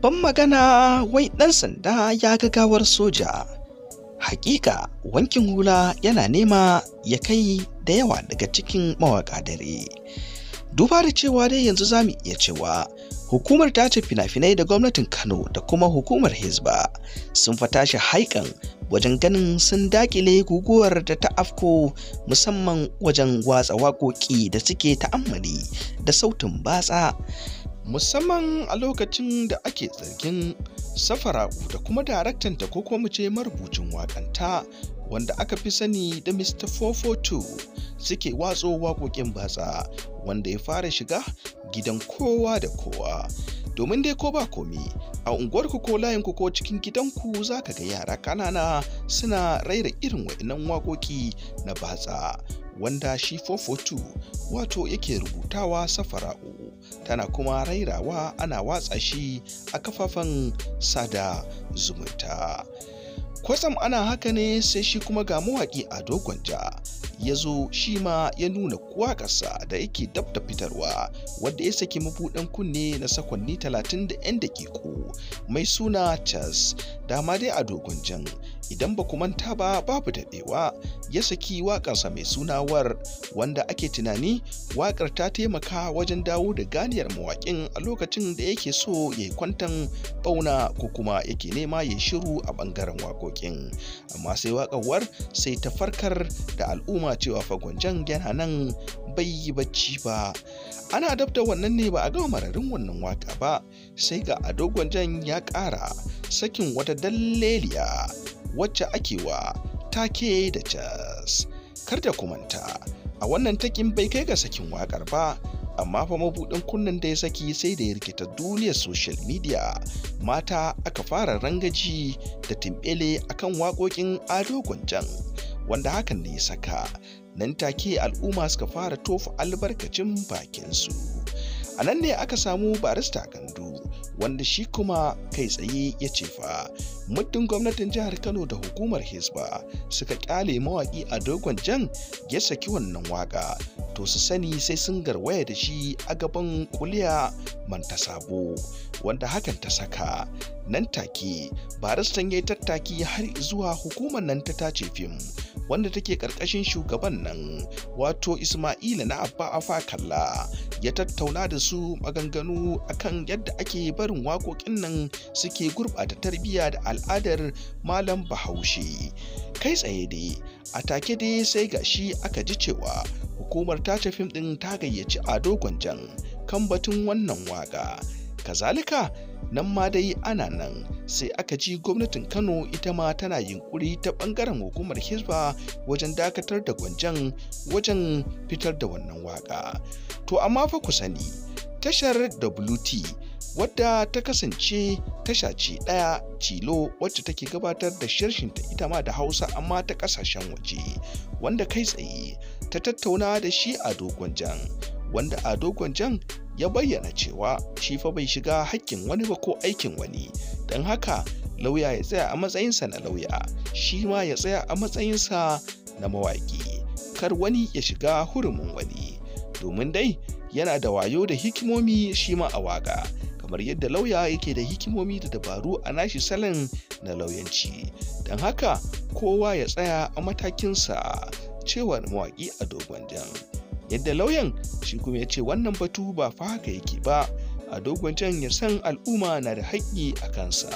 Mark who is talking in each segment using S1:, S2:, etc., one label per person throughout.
S1: babban magana wai ɗan sanda ya ga gawar soja hakika wankin hula yana nema ya kai da yawa daga cikin mawaƙa dare duba da cewa dai yanzu za mu iya cewa hukumar ta ce fina-finai da gwamnatin kano da kuma hukumar hezba sun shi haikan wajen ganin sun dakile guguwar da ta afko musamman wajen watsa waƙoƙi da suke ta'ammali da sautin batsa musamman a lokacin da ake zargin safara'u da kuma daraktanta ko kuma ce marubucin wakanta wanda aka fi sani da mr 442 suke watso waƙoƙin batsa wanda ya fara shiga gidan kowa da kowa domin dai ko ba komi a unguwarku ko layinku ko cikin gidanku za ka ga yara ƙanana suna raira irin wa'inan waƙoƙi na batsa wanda shi 442 wato yake rubutawa safara'u tana kuma rairawa ana watsa shi a kafafen sada zumunta kwatsam ana haka ne sai shi kuma ga mawaƙi a dogon ja ya zo shi ma ya nuna ƙasa da yake dab da fitarwa wadda ya saki mabuɗan kunne na sakonni 30 da 'yan dakiko mai suna chess dama dai a dogon jan idan ba ku manta ba babu daɗewa ya saki waƙarsa mai suna war wanda ake tunani waƙar ta taimaka wajen dawo da ganiyar mawaƙin a lokacin da yake so ya yi kwantan bauna ko kuma yake nema ya shiru a ɓangaren waƙoƙin amma sai waƙar sai ta farkar da al'umma alama cewa fagwanjan yana nan bai yi bacci ba ana adabta wannan ne ba a gama mararin wannan waka ba sai ga ado gwanjan ya ƙara sakin wata dalleliya wacce ake wa take da cas kar da kumanta a wannan takin bai kai ga sakin wakar ba amma fa mabuɗin kunnen da ya saki sai da ya rikita duniyar social media mata aka fara rangaji da timbele akan waƙoƙin ado gwanjan wanda hakan ne ya saka nan take al'umma suka fara tofa albarkacin bakinsu a nan ne aka samu barista gandu wanda shi kuma kai tsaye ya ce fa muddin gwamnatin jihar kano da hukumar hisba suka kyale mawaƙi a dogon jan ya saki wannan waƙa to su sani sai sun garwaya da shi a gaban kuliya manta sabo wanda hakan ta saka nan take baristan ya yi tattaki har zuwa hukumar nan ta tace fim wanda take karkashin shugaban nan wato ismaila na abba afa kalla ya tattauna da su maganganu akan yadda ake barin waƙoƙin nan suke gurɓata tarbiyya da al al'adar malam bahaushe kai tsaye dai a take dai sai gashi aka ji cewa hukumar tace fim ɗin ta gayyaci ado gwanjan kan batun wannan waka kazalika nan ma dai ana nan sai aka ji gwamnatin kano ita ma tana yunkuri ta bangaren hukumar hisba wajen dakatar da gwanjan wajen fitar da wannan waka to amma fa ku sani tashar wt wadda ta kasance tasha ce ɗaya cilo wacce take gabatar da shirshinta ita ma da hausa amma ta ƙasashen waje wanda kai tsaye ta tattauna da shi a dogon jan wanda a dogon jan ya bayyana cewa shi fa bai shiga hakkin wani ba ko aikin wani don haka lauya ya tsaya a matsayinsa na lauya shi ma ya tsaya a matsayinsa na mawaƙi kar wani ya shiga hurumin wani domin dai yana da wayo da hikimomi shi ma a waƙa kamar yadda lauya yake da hikimomi da dabaru a nashi salon na lauyanci don haka kowa ya tsaya a matakinsa cewar mawaƙi a dogon jan yadda lauyan shi kuma ya ce wannan batu ba fa haka yake ba a dogon jan ya san al'umma na da haƙƙi a kansa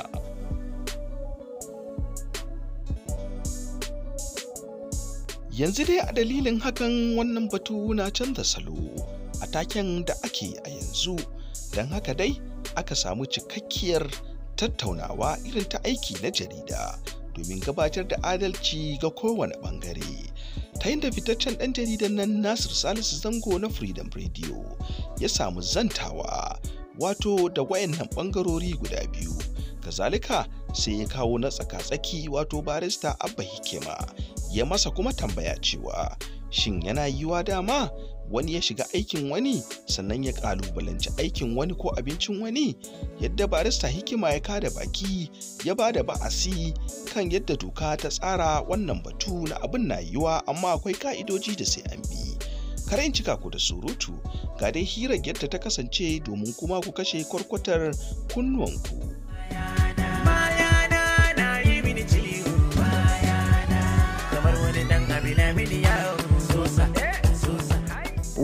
S1: yanzu dai a dalilin hakan wannan batu na canza salo a taken da ake a yanzu don haka dai aka samu cikakkiyar tattaunawa irin ta aiki na jarida domin gabatar da adalci ga kowane bangare ta yin da fitaccen ɗan jaridan nan nasir salisu zango na freedom radio ya samu zantawa wato da wayannan bangarori guda biyu kazalika sai ya kawo na tsaka-tsaki wato barista abba hikima ya masa kuma tambaya cewa shin yana yiwa dama wani ya shiga aikin wani sannan ya kalubalanci aikin wani ko abincin wani yadda barista hikima ya kada baki ya ba da ba'asi kan yadda doka ta tsara wannan batu na abin na yiwuwa amma akwai ka'idoji da sai an bi kar in cika ku da surutu ga dai hirar yadda ta kasance domin kuma ku kashe kwarkwatar kunnuwanku. ku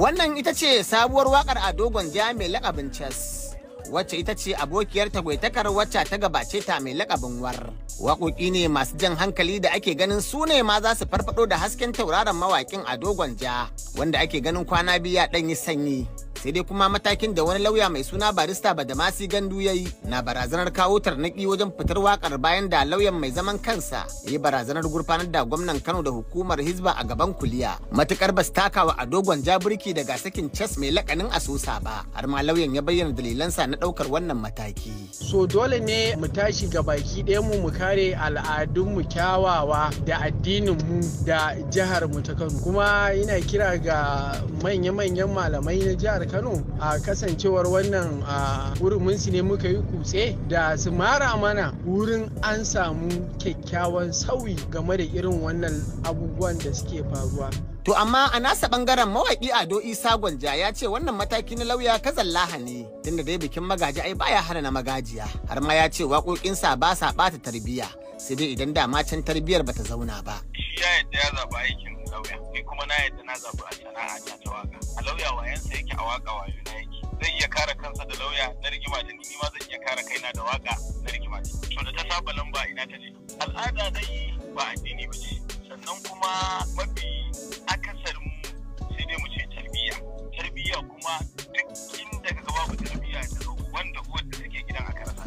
S2: Wannan ita ce sabuwar wakar a dogon ja mai lakabin Chess, wacce ita ce abokiyar tagwaitakar wacce ta gabace ta mai lakabin war. Waƙoƙi ne masu jan hankali da ake ganin su ne ma za su farfado da hasken tauraron mawaƙin a dogon ja, wanda ake ganin kwana biya ɗanyi sanyi. sai dai kuma matakin da wani lauya mai suna barista badamasi gandu ya yi na barazanar kawo tarnaki wajen fitar wakar bayan da lauyan mai zaman kansa ya yi barazanar gurfanar da gwamnan kano da hukumar hizba a gaban kuliya matukar ba su takawa a dogon jabirki daga sakin cas mai lakanin asusa ba har ma lauyan ya bayyana dalilansa na ɗaukar wannan mataki so dole ne mu tashi ga baki ɗaya mu kare al'adunmu kyawawa da addinin mu da jihar mu ta kano kuma ina kira ga manya-manyan malamai na jihar kano a kasancewar wannan a wurin su ne muka yi kutse da su mara mana wurin an samu kyakkyawan sauyi game da irin wannan abubuwan da suke faruwa To amma a nasa bangaren mawaƙi Ado Isa Gwanja ya ce wannan mataki na lauya kazallaha ne tunda dai bikin magaji ai baya hana na magajiya har ma ya ce waƙoƙinsa ba sa ɓata tarbiyya sai dai idan dama can tarbiyyar bata zauna ba.
S1: Shi ya yadda ya zaba aikin lauya ni kuma na yadda na zaɓi a sana'a ta da waka a lauya wayansa yake a waka wayo na yake zai iya kare kansa da lauya na rigima da ni ma zan iya kare
S2: kaina da waka na rigima da to da ta saba lamba ina ta ne al'ada dai ba addini
S1: ba ce sannan kuma mafi akasarin sai dai mu ce tarbiyya tarbiyya kuma duk inda ka babu tarbiyya ta zo wanda uwar da take gidan aka rasa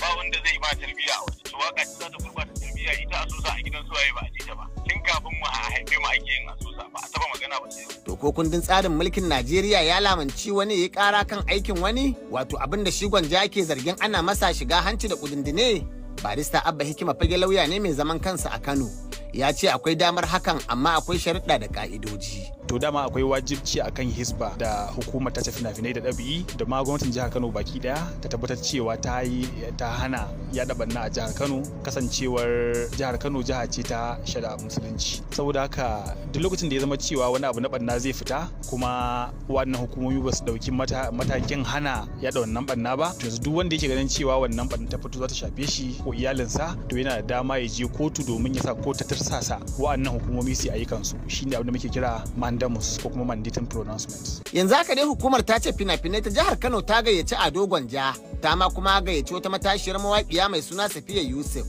S1: ba wanda zai ba tarbiyya a wasu waka ta ta gurbata tarbiyya ita a so za a gidan suwaye ba a je ta ba kafin mu a haife mu ake yin asusa ba a taba magana ba sai
S2: to ko kundin tsarin mulkin Najeriya ya lamanci wani ya kara kan aikin wani wato abin da shi ja ke zargin ana masa shiga hanci da kudindine barista abba hikima fage lauya ne mai zaman kansa a Kano ya ce akwai damar hakan amma akwai sharuɗa da ka'idoji. to dama akwai wajibci a kan hisba da hukumar ta tafi finai da ɗabi'i da ma gwamnatin jihar kano baki daya ta tabbatar cewa ta yi ta hana yaɗa banna a jihar kano kasancewar jihar kano jiha ce ta shada musulunci saboda haka duk lokacin da ya zama cewa wani abu na banna zai fita kuma wannan hukumomi ba su ɗauki matakin hana yaɗa wannan banna ba to yanzu duk wanda yake ganin cewa wannan ɓanna ta fito za ta shafe shi ko iyalinsa to yana da dama ya je kotu domin ya sa kotu ta tirsasa wa'annan hukumomi su yi kansu shine abin da muke kira mandamus ko kuma mandatin pronouncements yanzu haka dai hukumar ta ce fina-finai ta jihar Kano ta gayyaci Ado Gwanja ta ma kuma gayyaci wata matashiyar mawaƙiya mai suna Safiya Yusuf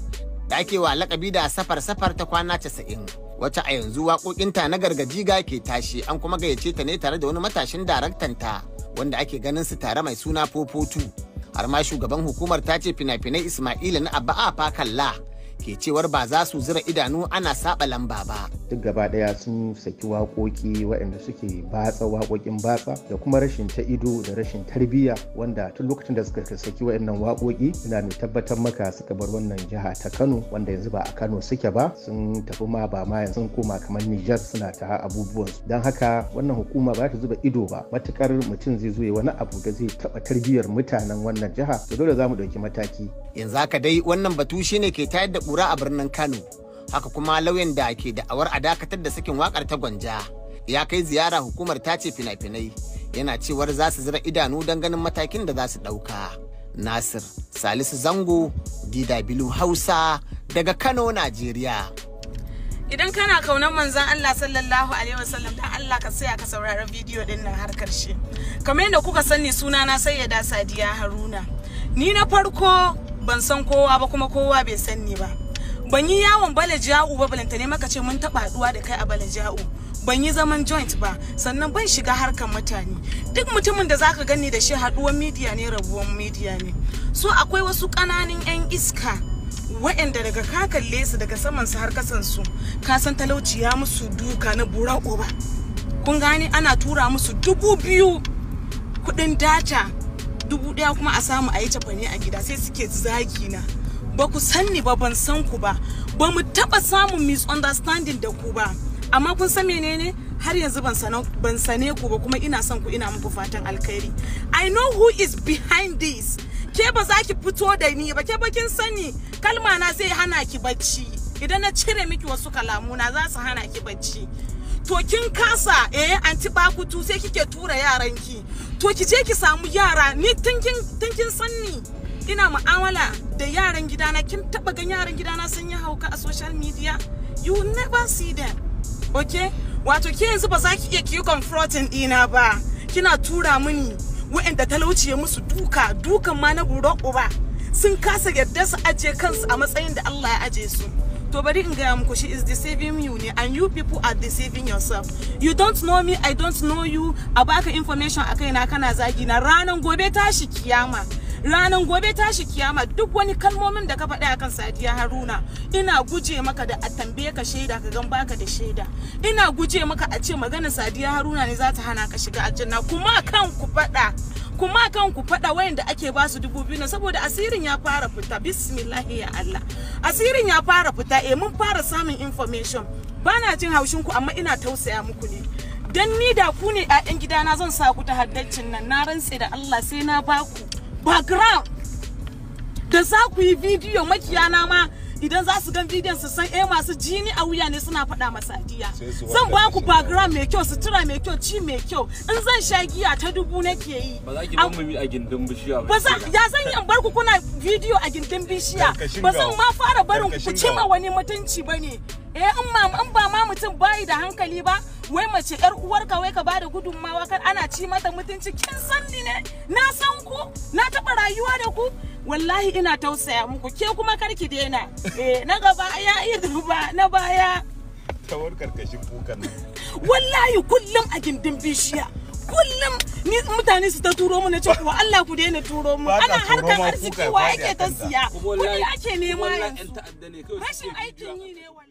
S2: da ake wa lakabi da safar safar ta kwana casa'in wacce a yanzu waƙoƙinta na gargajiga ke tashi an kuma gayyace ta ne tare da wani matashin daraktan ta wanda ake ganin su tare mai suna fofotu har ma shugaban hukumar ta ce fina-finai ismaila na abba a fakalla ke cewar ba za su zira idanu ana saba lamba ba. Duk gaba daya sun saki waƙoƙi waɗanda suke batsa waƙoƙin
S1: batsa da kuma rashin ta ido da rashin tarbiyya wanda tun lokacin da suka saki waɗannan waƙoƙi ina mai tabbatar maka suka bar wannan jiha ta Kano wanda yanzu ba a Kano suke ba sun tafi ma ba ma yanzu koma kamar Nijar suna ta abubuwan don haka wannan hukuma ba ta zuba ido ba matukar mutum zai zo ya wani abu da zai taɓa tarbiyyar mutanen wannan jiha to dole za mu
S2: ɗauki mataki. Yanzu haka dai wannan batu shine ke tayar da kura a birnin Kano. Haka kuma lauyan da ke da'awar a dakatar da sakin wakar ta Gwanja ya kai ziyara hukumar ta ce fina-finai yana cewar za su zira idanu don ganin matakin da za su ɗauka. Nasir Salisu Zango DW Hausa daga Kano, Najeriya.
S3: Idan kana kaunar manzon Allah sallallahu alaihi wasallam don Allah ka saya ka saurari bidiyo din nan har karshe. Kamar yadda kuka sani sunana Sayyada Sadiya Haruna. Ni na farko ban san kowa ba kuma kowa bai san ni ba ban yi yawon balajiya'u ba balanta ne maka ce mun taba haɗuwa da kai a balajiya'u ban yi zaman joint ba sannan ban shiga harkar mutane duk mutumin da zaka gani da shi haɗuwan midiya ne rabuwan midiya ne so akwai wasu ƙananan 'yan iska waɗanda daga ka kalle su daga saman su har kasan su ka san talauci ya musu duka na burako ba kun gani ana tura musu dubu biyu kuɗin data dubu daya kuma a samu a yi tafani a gida sai suke zagi na ba ku sanni ba ban san ku ba ba mu taba samun misunderstanding da ku ba amma kun san menene har yanzu ban sane ku ba kuma ina son ku ina muku fatan alkhairi i know who is behind this ke ba za ki fito da ni ba ke ba kin sani kalma na zai hana ki bacci idan na cire miki wasu kalamuna za su hana ki bacci to kin kasa eh anti bakutu sai kike tura yaran ki to ki je ki samu yara ni tun kin san ni ina mu'amala da yaran gidana kin taba gan yaran gidana sun yi hauka a social media you never see them okay wato ke yanzu ba za ki iya yi confronting dina ba kina tura mini wa'anda talauci ya musu duka dukan ma na buron uba sun kasa yarda su aje kansu a matsayin da Allah ya aje su to bari in gaya muku she is deceiving you ne and you people are deceiving yourself you don't know me i don't know you a baka information a kaina kana zagi na ranan gobe tashi kiyama ranan gobe tashi kiyama duk wani kalmomin da ka faɗi akan sadiya haruna ina guje maka da a tambaye ka shaida ka gan baka da shaida ina guje maka a ce maganar sadiya haruna ne za ta hana ka shiga aljanna kuma kan ku faɗa kuma kan ku faɗa da ake ba su dubu biyu saboda asirin ya fara fita bismillahi ya Allah asirin ya fara fita eh mun fara samun information bana jin haushin ku amma ina tausaya muku ne dan ni da ku ne ƴaƴan gidana zan sa ku ta haddacin nan na rantse da Allah sai na ba ku background da za ku yi bidiyo makiyana ma idan za su gan bidiyon su san eh masu jini a wuya ne suna faɗa masa diya zan ba ku background mai kyau sutura mai kyau ci mai kyau in zan sha giya ta dubu nake yi ba za ki bar mu a gindin bishiya ba ya zan yi in bar ku kuna bidiyo a gindin bishiya ba zan ma fara barin ku ci ma wani mutunci bane eh in ma in ba ma mutum bai da hankali ba wai mace yar uwarka wai ka bada gudunmawa kar ana ci mata mutunci kin san ni ne na san ku na taɓa rayuwa da ku wallahi ina tausaya muku ke kuma karki daina eh na gaba ya iya duba na baya tawar karkashin kukan wallahi kullum a gindin bishiya kullum ni mutane su ta turo mu na ce kuwa Allah ku daina turo mu ana harkar arziki wa yake ta siya kuɗi ake nema yanzu rashin aikin yi ne wallahi